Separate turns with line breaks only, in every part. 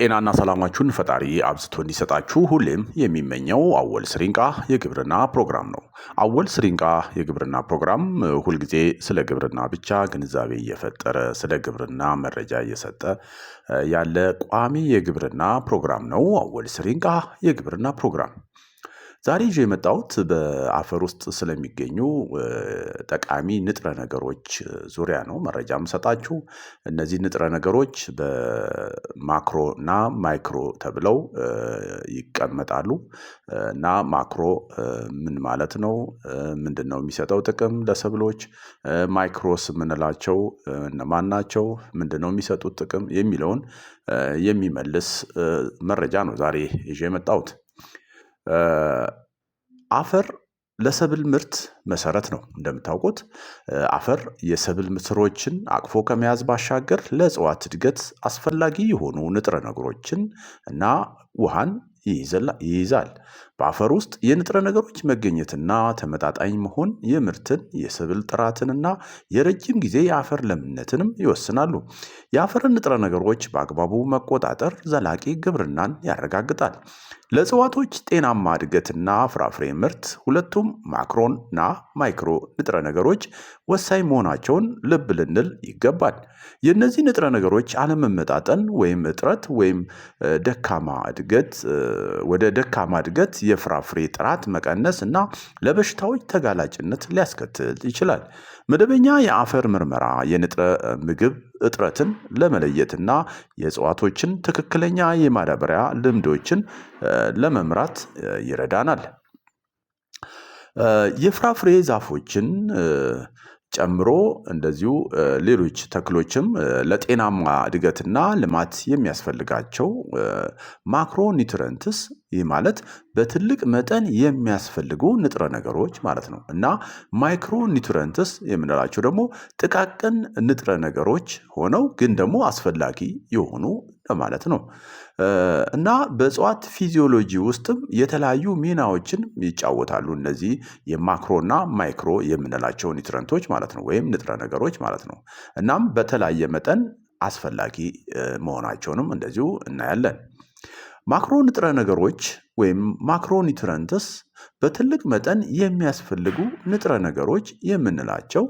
ጤናና ሰላማችሁን ፈጣሪ አብዝቶ እንዲሰጣችሁ ሁሌም የሚመኘው አወል ስሪንቃ የግብርና ፕሮግራም ነው። አወል ስሪንቃ የግብርና ፕሮግራም ሁልጊዜ ስለ ግብርና ብቻ ግንዛቤ እየፈጠረ ስለ ግብርና መረጃ እየሰጠ ያለ ቋሚ የግብርና ፕሮግራም ነው። አወል ስሪንቃ የግብርና ፕሮግራም ዛሬ ይዤ የመጣሁት በአፈር ውስጥ ስለሚገኙ ጠቃሚ ንጥረ ነገሮች ዙሪያ ነው መረጃ ምሰጣችሁ እነዚህ ንጥረ ነገሮች በማክሮ እና ማይክሮ ተብለው ይቀመጣሉ። እና ማክሮ ምን ማለት ነው? ምንድነው የሚሰጠው ጥቅም ለሰብሎች? ማይክሮስ የምንላቸው እነማን ናቸው? ምንድነው የሚሰጡት ጥቅም የሚለውን የሚመልስ መረጃ ነው ዛሬ ይዤ የመጣሁት አፈር ለሰብል ምርት መሰረት ነው። እንደምታውቁት አፈር የሰብል ምስሮችን አቅፎ ከመያዝ ባሻገር ለእጽዋት እድገት አስፈላጊ የሆኑ ንጥረ ነገሮችን እና ውሃን ይይዛል። በአፈር ውስጥ የንጥረ ነገሮች መገኘትና ተመጣጣኝ መሆን የምርትን የሰብል ጥራትንና የረጅም ጊዜ የአፈር ለምነትንም ይወስናሉ። የአፈርን ንጥረ ነገሮች በአግባቡ መቆጣጠር ዘላቂ ግብርናን ያረጋግጣል። ለእጽዋቶች ጤናማ እድገትና ፍራፍሬ ምርት ሁለቱም ማክሮን እና ማይክሮ ንጥረ ነገሮች ወሳኝ መሆናቸውን ልብ ልንል ይገባል። የእነዚህ ንጥረ ነገሮች አለመመጣጠን ወይም እጥረት ወይም ደካማ እድገት ወደ ደካማ እድገት የፍራፍሬ ጥራት መቀነስ እና ለበሽታዎች ተጋላጭነት ሊያስከትል ይችላል። መደበኛ የአፈር ምርመራ የንጥረ ምግብ እጥረትን ለመለየትና የእጽዋቶችን ትክክለኛ የማዳበሪያ ልምዶችን ለመምራት ይረዳናል። የፍራፍሬ ዛፎችን ጨምሮ እንደዚሁ ሌሎች ተክሎችም ለጤናማ እድገትና ልማት የሚያስፈልጋቸው ማክሮ ኒውትረንትስ ይህ ማለት በትልቅ መጠን የሚያስፈልጉ ንጥረ ነገሮች ማለት ነው። እና ማይክሮ ኒውትረንትስ የምንላቸው ደግሞ ጥቃቅን ንጥረ ነገሮች ሆነው ግን ደግሞ አስፈላጊ የሆኑ ለማለት ነው። እና በእጽዋት ፊዚዮሎጂ ውስጥም የተለያዩ ሚናዎችን ይጫወታሉ እነዚህ የማክሮና ማይክሮ የምንላቸው ኒትረንቶች ማለት ነው ወይም ንጥረ ነገሮች ማለት ነው። እናም በተለያየ መጠን አስፈላጊ መሆናቸውንም እንደዚሁ እናያለን ማክሮ ንጥረ ነገሮች ወይም ማክሮ ኒውትረንትስ በትልቅ መጠን የሚያስፈልጉ ንጥረ ነገሮች የምንላቸው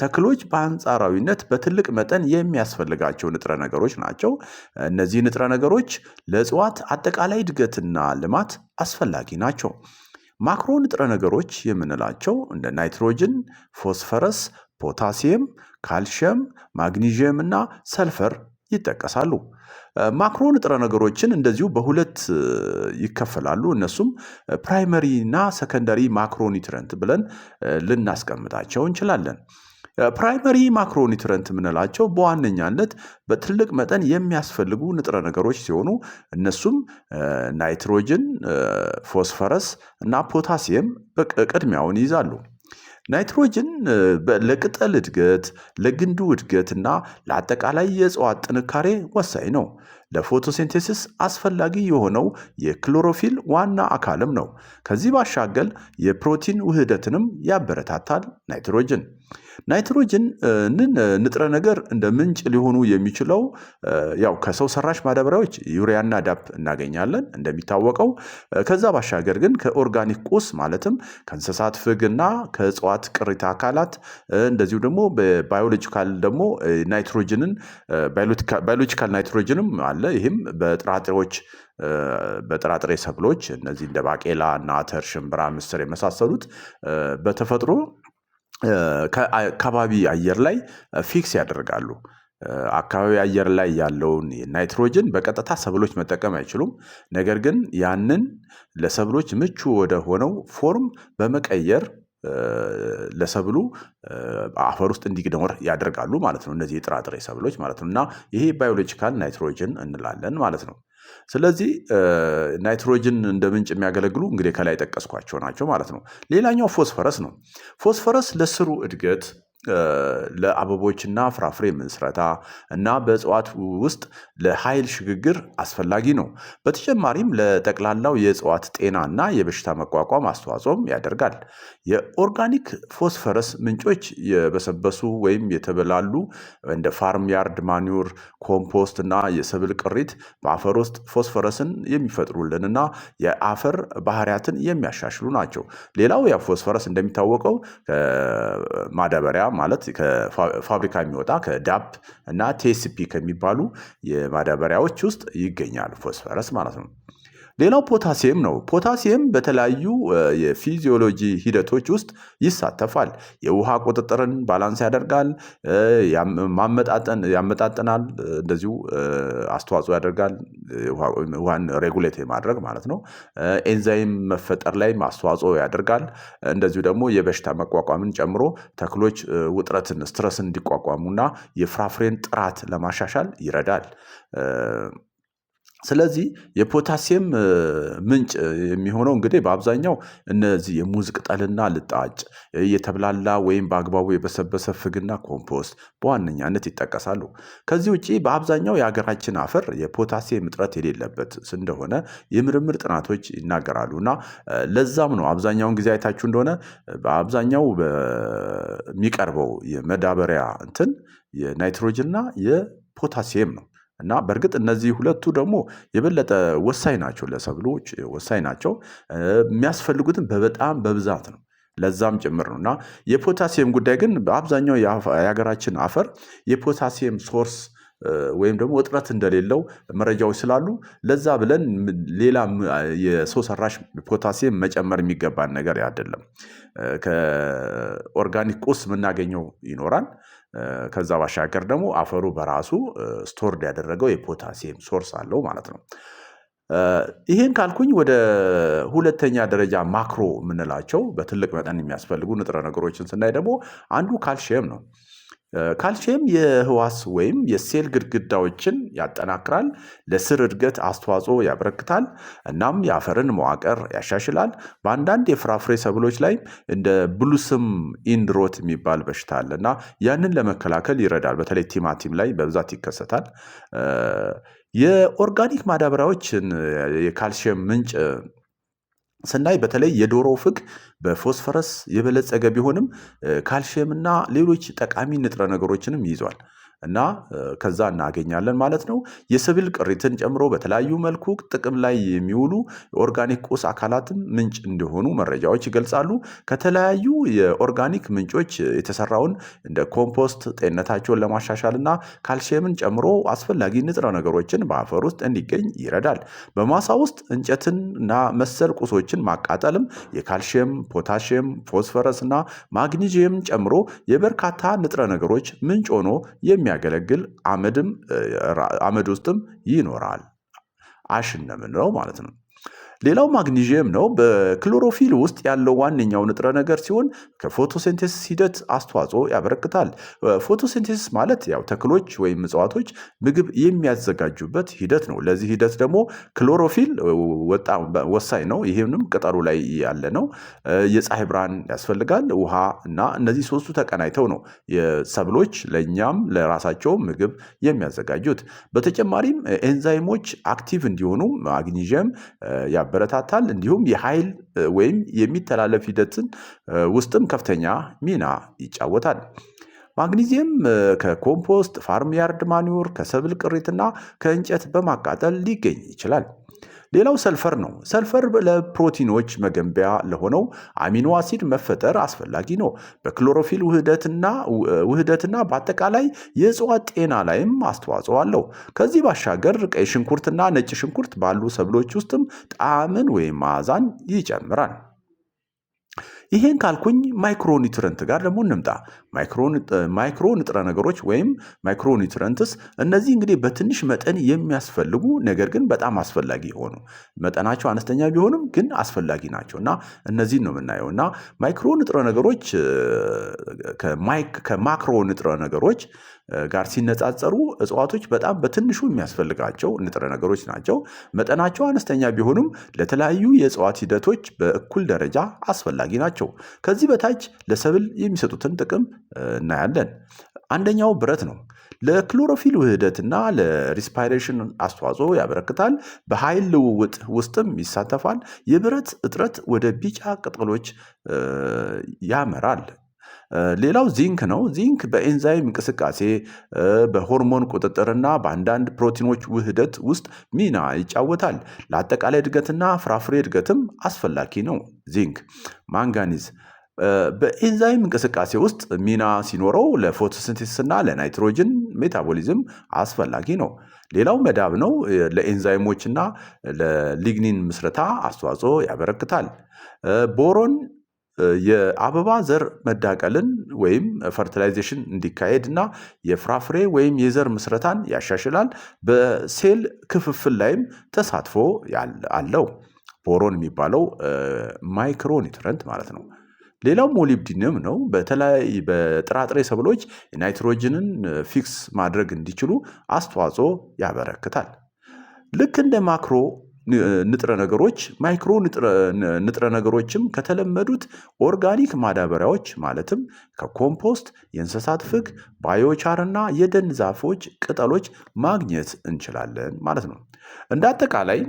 ተክሎች በአንጻራዊነት በትልቅ መጠን የሚያስፈልጋቸው ንጥረ ነገሮች ናቸው። እነዚህ ንጥረ ነገሮች ለእጽዋት አጠቃላይ እድገትና ልማት አስፈላጊ ናቸው። ማክሮ ንጥረ ነገሮች የምንላቸው እንደ ናይትሮጅን፣ ፎስፈረስ፣ ፖታሲየም፣ ካልሽየም፣ ማግኒዥየም እና ሰልፈር ይጠቀሳሉ። ማክሮ ንጥረ ነገሮችን እንደዚሁ በሁለት ይከፈላሉ። እነሱም ፕራይመሪ እና ሰከንደሪ ማክሮኒትረንት ብለን ልናስቀምጣቸው እንችላለን። ፕራይመሪ ማክሮኒትረንት የምንላቸው በዋነኛነት በትልቅ መጠን የሚያስፈልጉ ንጥረ ነገሮች ሲሆኑ እነሱም ናይትሮጅን፣ ፎስፈረስ እና ፖታሲየም ቅድሚያውን ይይዛሉ። ናይትሮጅን ለቅጠል እድገት፣ ለግንዱ እና ለአጠቃላይ የእጽዋት ጥንካሬ ወሳኝ ነው። ለፎቶሲንቴሲስ አስፈላጊ የሆነው የክሎሮፊል ዋና አካልም ነው። ከዚህ ባሻገል የፕሮቲን ውህደትንም ያበረታታል ናይትሮጅን ናይትሮጅን ንጥረ ነገር እንደ ምንጭ ሊሆኑ የሚችለው ያው ከሰው ሰራሽ ማዳበሪያዎች ዩሪያና ዳፕ እናገኛለን እንደሚታወቀው። ከዛ ባሻገር ግን ከኦርጋኒክ ቁስ ማለትም ከእንስሳት ፍግ እና ከእጽዋት ቅሪተ አካላት እንደዚሁ ደግሞ በባዮሎጂካል ደግሞ ናይትሮጅንን ባዮሎጂካል ናይትሮጅንም አለ። ይህም በጥራጥሬዎች በጥራጥሬ ሰብሎች እነዚህ እንደ ባቄላ እና አተር፣ ሽምብራ፣ ምስር የመሳሰሉት በተፈጥሮ ከአካባቢ አየር ላይ ፊክስ ያደርጋሉ። አካባቢ አየር ላይ ያለውን ናይትሮጅን በቀጥታ ሰብሎች መጠቀም አይችሉም። ነገር ግን ያንን ለሰብሎች ምቹ ወደሆነው ፎርም በመቀየር ለሰብሉ አፈር ውስጥ እንዲኖር ያደርጋሉ ማለት ነው። እነዚህ የጥራጥሬ ሰብሎች ማለት ነው እና ይሄ ባዮሎጂካል ናይትሮጅን እንላለን ማለት ነው ስለዚህ ናይትሮጅን እንደ ምንጭ የሚያገለግሉ እንግዲህ ከላይ ጠቀስኳቸው ናቸው ማለት ነው። ሌላኛው ፎስፈረስ ነው። ፎስፈረስ ለስሩ እድገት ለአበቦችና ፍራፍሬ ምስረታ እና በእጽዋት ውስጥ ለኃይል ሽግግር አስፈላጊ ነው። በተጨማሪም ለጠቅላላው የእጽዋት እና የበሽታ መቋቋም አስተዋጽኦም ያደርጋል። የኦርጋኒክ ፎስፈረስ ምንጮች የበሰበሱ ወይም የተበላሉ እንደ ፋርም ያርድ ማኒውር ኮምፖስት እና የሰብል ቅሪት በአፈር ውስጥ ፎስፈረስን የሚፈጥሩልንና የአፈር ባህሪያትን የሚያሻሽሉ ናቸው። ሌላው ፎስፈረስ እንደሚታወቀው ከማዳበሪያ ማለት ከፋብሪካ የሚወጣ ከዳፕ እና ቴስፒ ከሚባሉ የማዳበሪያዎች ውስጥ ይገኛል ፎስፈረስ ማለት ነው። ሌላው ፖታሲየም ነው። ፖታሲየም በተለያዩ የፊዚዮሎጂ ሂደቶች ውስጥ ይሳተፋል። የውሃ ቁጥጥርን ባላንስ ያደርጋል፣ ያመጣጠናል፣ እንደዚሁ አስተዋጽኦ ያደርጋል። ውሃን ሬጉሌት የማድረግ ማለት ነው። ኤንዛይም መፈጠር ላይ አስተዋጽኦ ያደርጋል። እንደዚሁ ደግሞ የበሽታ መቋቋምን ጨምሮ ተክሎች ውጥረትን፣ ስትረስን እንዲቋቋሙና የፍራፍሬን ጥራት ለማሻሻል ይረዳል። ስለዚህ የፖታሲየም ምንጭ የሚሆነው እንግዲህ በአብዛኛው እነዚህ የሙዝ ቅጠልና ልጣጭ የተብላላ ወይም በአግባቡ የበሰበሰ ፍግና ኮምፖስት በዋነኛነት ይጠቀሳሉ። ከዚህ ውጪ በአብዛኛው የሀገራችን አፈር የፖታሲየም እጥረት የሌለበት እንደሆነ የምርምር ጥናቶች ይናገራሉ። እና ለዛም ነው አብዛኛውን ጊዜ አይታችሁ እንደሆነ በአብዛኛው በሚቀርበው የመዳበሪያ እንትን የናይትሮጅን ና የፖታሲየም ነው እና በእርግጥ እነዚህ ሁለቱ ደግሞ የበለጠ ወሳኝ ናቸው ለሰብሎች ወሳኝ ናቸው የሚያስፈልጉትን በበጣም በብዛት ነው ለዛም ጭምር ነው። እና የፖታሲየም ጉዳይ ግን በአብዛኛው የሀገራችን አፈር የፖታሲየም ሶርስ ወይም ደግሞ እጥረት እንደሌለው መረጃዎች ስላሉ ለዛ ብለን ሌላ የሰው ሰራሽ ፖታሲየም መጨመር የሚገባን ነገር አይደለም። ከኦርጋኒክ ቁስ የምናገኘው ይኖራል። ከዛ ባሻገር ደግሞ አፈሩ በራሱ ስቶርድ ያደረገው የፖታሲየም ሶርስ አለው ማለት ነው። ይህን ካልኩኝ ወደ ሁለተኛ ደረጃ ማክሮ የምንላቸው በትልቅ መጠን የሚያስፈልጉ ንጥረ ነገሮችን ስናይ ደግሞ አንዱ ካልሽየም ነው። ካልሲየም የህዋስ ወይም የሴል ግድግዳዎችን ያጠናክራል፣ ለስር እድገት አስተዋጽኦ ያበረክታል፣ እናም የአፈርን መዋቅር ያሻሽላል። በአንዳንድ የፍራፍሬ ሰብሎች ላይ እንደ ብሉስም ኢንድሮት የሚባል በሽታ አለ እና ያንን ለመከላከል ይረዳል። በተለይ ቲማቲም ላይ በብዛት ይከሰታል። የኦርጋኒክ ማዳበሪያዎችን የካልሲየም ምንጭ ስናይ በተለይ የዶሮ ፍግ በፎስፈረስ የበለጸገ ቢሆንም ካልሽየምና ሌሎች ጠቃሚ ንጥረ ነገሮችንም ይዟል እና ከዛ እናገኛለን ማለት ነው። የሰብል ቅሪትን ጨምሮ በተለያዩ መልኩ ጥቅም ላይ የሚውሉ የኦርጋኒክ ቁስ አካላትም ምንጭ እንደሆኑ መረጃዎች ይገልጻሉ። ከተለያዩ የኦርጋኒክ ምንጮች የተሰራውን እንደ ኮምፖስት ጤንነታቸውን ለማሻሻል እና ካልሽየምን ጨምሮ አስፈላጊ ንጥረ ነገሮችን በአፈር ውስጥ እንዲገኝ ይረዳል። በማሳ ውስጥ እንጨትን እና መሰል ቁሶችን ማቃጠልም የካልሽየም፣ ፖታሽየም፣ ፎስፈረስ እና ማግኒዚየም ጨምሮ የበርካታ ንጥረ ነገሮች ምንጭ ሆኖ የሚያ የሚያገለግል አመድም አመድ ውስጥም ይኖራል። አሽን ነው የምንለው ማለት ነው። ሌላው ማግኒዥየም ነው። በክሎሮፊል ውስጥ ያለው ዋነኛው ንጥረ ነገር ሲሆን ከፎቶሴንቴሲስ ሂደት አስተዋጽኦ ያበረክታል። ፎቶሴንቴሲስ ማለት ያው ተክሎች ወይም እጽዋቶች ምግብ የሚያዘጋጁበት ሂደት ነው። ለዚህ ሂደት ደግሞ ክሎሮፊል ወሳኝ ነው። ይህንም ቅጠሉ ላይ ያለ ነው። የፀሐይ ብርሃን ያስፈልጋል፣ ውሃ እና እነዚህ ሶስቱ ተቀናይተው ነው ሰብሎች ለእኛም ለራሳቸው ምግብ የሚያዘጋጁት። በተጨማሪም ኤንዛይሞች አክቲቭ እንዲሆኑ ማግኒዥየም ያበረታታል። እንዲሁም የኃይል ወይም የሚተላለፍ ሂደትን ውስጥም ከፍተኛ ሚና ይጫወታል። ማግኒዚየም ከኮምፖስት ፋርምያርድ ያርድ ማኒዮር ከሰብል ቅሪትና ከእንጨት በማቃጠል ሊገኝ ይችላል። ሌላው ሰልፈር ነው። ሰልፈር ለፕሮቲኖች መገንቢያ ለሆነው አሚኖ አሲድ መፈጠር አስፈላጊ ነው። በክሎሮፊል ውህደትና ውህደትና በአጠቃላይ የእጽዋት ጤና ላይም አስተዋጽኦ አለው። ከዚህ ባሻገር ቀይ ሽንኩርትና ነጭ ሽንኩርት ባሉ ሰብሎች ውስጥም ጣዕምን ወይም መዓዛን ይጨምራል። ይሄን ካልኩኝ ማይክሮ ኒውትረንት ጋር ደግሞ እንምጣ። ማይክሮ ንጥረ ነገሮች ወይም ማይክሮ ኒውትረንትስ እነዚህ እንግዲህ በትንሽ መጠን የሚያስፈልጉ ነገር ግን በጣም አስፈላጊ የሆኑ መጠናቸው አነስተኛ ቢሆንም ግን አስፈላጊ ናቸው እና እነዚህን ነው የምናየው እና ማይክሮ ንጥረ ነገሮች ከማክሮ ንጥረ ነገሮች ጋር ሲነጻጸሩ እጽዋቶች በጣም በትንሹ የሚያስፈልጋቸው ንጥረ ነገሮች ናቸው። መጠናቸው አነስተኛ ቢሆኑም ለተለያዩ የእጽዋት ሂደቶች በእኩል ደረጃ አስፈላጊ ናቸው። ከዚህ በታች ለሰብል የሚሰጡትን ጥቅም እናያለን። አንደኛው ብረት ነው። ለክሎሮፊል ውህደትና ለሪስፓይሬሽን አስተዋጽኦ ያበረክታል። በኃይል ልውውጥ ውስጥም ይሳተፋል። የብረት እጥረት ወደ ቢጫ ቅጠሎች ያመራል። ሌላው ዚንክ ነው። ዚንክ በኤንዛይም እንቅስቃሴ በሆርሞን ቁጥጥርና በአንዳንድ ፕሮቲኖች ውህደት ውስጥ ሚና ይጫወታል። ለአጠቃላይ እድገትና ፍራፍሬ እድገትም አስፈላጊ ነው። ዚንክ ማንጋኒዝ በኤንዛይም እንቅስቃሴ ውስጥ ሚና ሲኖረው ለፎቶሲንቴሲስና ለናይትሮጅን ሜታቦሊዝም አስፈላጊ ነው። ሌላው መዳብ ነው። ለኤንዛይሞችና ለሊግኒን ምስረታ አስተዋጽኦ ያበረክታል። ቦሮን የአበባ ዘር መዳቀልን ወይም ፈርቲላይዜሽን እንዲካሄድ እና የፍራፍሬ ወይም የዘር ምስረታን ያሻሽላል። በሴል ክፍፍል ላይም ተሳትፎ አለው። ቦሮን የሚባለው ማይክሮ ማለት ነው። ሌላው ሞሊብዲንም ነው። በተለይ በጥራጥሬ ሰብሎች ናይትሮጅንን ፊክስ ማድረግ እንዲችሉ አስተዋጽኦ ያበረክታል። ልክ እንደ ማክሮ ንጥረ ነገሮች ማይክሮ ንጥረ ነገሮችም ከተለመዱት ኦርጋኒክ ማዳበሪያዎች ማለትም ከኮምፖስት፣ የእንስሳት ፍግ፣ ባዮቻር እና የደን ዛፎች ቅጠሎች ማግኘት እንችላለን ማለት ነው። እንደ አጠቃላይ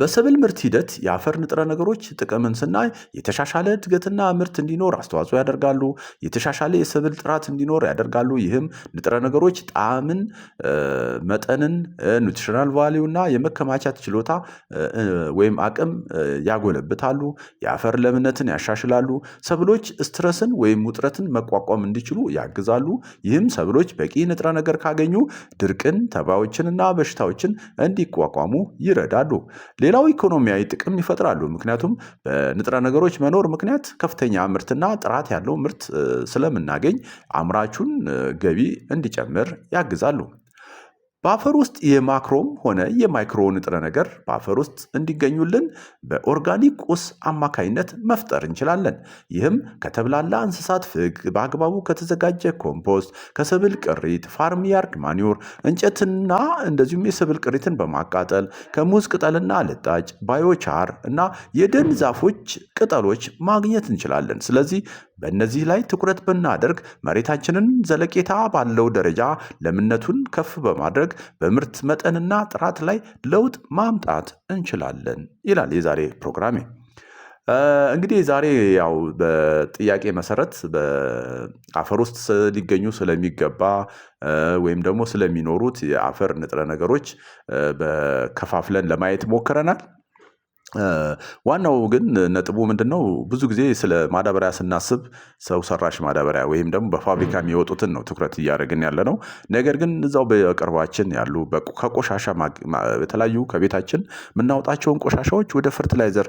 በሰብል ምርት ሂደት የአፈር ንጥረ ነገሮች ጥቅምን ስናይ የተሻሻለ እድገትና ምርት እንዲኖር አስተዋጽኦ ያደርጋሉ። የተሻሻለ የሰብል ጥራት እንዲኖር ያደርጋሉ ይህም ንጥረ ነገሮች ጣዕምን መጠንን ኑትሪሽናል ቫሊው እና የመከማቻት ችሎታ ወይም አቅም ያጎለብታሉ። የአፈር ለምነትን ያሻሽላሉ ሰብሎች ስትረስን ወይም ውጥረትን መቋቋም እንዲችሉ ያግዛሉ። ይህም ሰብሎች በቂ ንጥረ ነገር ካገኙ ድርቅን ተባዮችንና በሽታዎችን እንዲቋቋሙ ይረዳል ይፈጥራሉ። ሌላው ኢኮኖሚያዊ ጥቅም ይፈጥራሉ። ምክንያቱም በንጥረ ነገሮች መኖር ምክንያት ከፍተኛ ምርትና ጥራት ያለው ምርት ስለምናገኝ አምራቹን ገቢ እንዲጨምር ያግዛሉ። በአፈር ውስጥ የማክሮም ሆነ የማይክሮ ንጥረ ነገር በአፈር ውስጥ እንዲገኙልን በኦርጋኒክ ቁስ አማካይነት መፍጠር እንችላለን። ይህም ከተብላላ እንስሳት ፍግ፣ በአግባቡ ከተዘጋጀ ኮምፖስት፣ ከሰብል ቅሪት፣ ፋርም ያርድ ማኒዮር፣ እንጨትና እንደዚሁም የሰብል ቅሪትን በማቃጠል ከሙዝ ቅጠልና ልጣጭ፣ ባዮቻር እና የደን ዛፎች ቅጠሎች ማግኘት እንችላለን። ስለዚህ በእነዚህ ላይ ትኩረት ብናደርግ መሬታችንን ዘለቄታ ባለው ደረጃ ለምነቱን ከፍ በማድረግ በምርት መጠንና ጥራት ላይ ለውጥ ማምጣት እንችላለን ይላል የዛሬ ፕሮግራሜ። እንግዲህ ዛሬ ያው በጥያቄ መሰረት በአፈር ውስጥ ሊገኙ ስለሚገባ ወይም ደግሞ ስለሚኖሩት የአፈር ንጥረ ነገሮች በከፋፍለን ለማየት ሞክረናል። ዋናው ግን ነጥቡ ምንድነው? ብዙ ጊዜ ስለ ማዳበሪያ ስናስብ ሰው ሰራሽ ማዳበሪያ ወይም ደግሞ በፋብሪካ የሚወጡትን ነው ትኩረት እያደረግን ነው። ነገር ግን እዛው በቅርባችን ያሉ ከቆሻሻ በተለያዩ ከቤታችን የምናወጣቸውን ቆሻሻዎች ወደ ፈርትላይዘር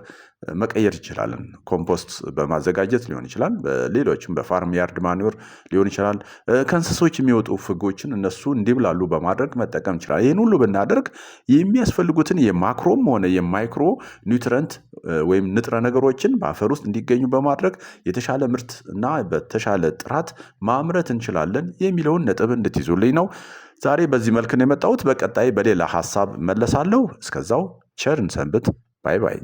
መቀየር እንችላለን ኮምፖስት በማዘጋጀት ሊሆን ይችላል ሌሎችም በፋርም ያርድ ማኖር ሊሆን ይችላል ከእንስሶች የሚወጡ ፍጎችን እነሱ እንዲብላሉ በማድረግ መጠቀም ይችላል። ይህን ሁሉ ብናደርግ የሚያስፈልጉትን የማክሮም ሆነ የማይክሮ ኒውትረንት ወይም ንጥረ ነገሮችን በአፈር ውስጥ እንዲገኙ በማድረግ የተሻለ ምርት እና በተሻለ ጥራት ማምረት እንችላለን የሚለውን ነጥብ እንድትይዙልኝ ነው። ዛሬ በዚህ መልክ ነው የመጣሁት። በቀጣይ በሌላ ሀሳብ መለሳለሁ። እስከዛው ቸርን ሰንብት። ባይ ባይ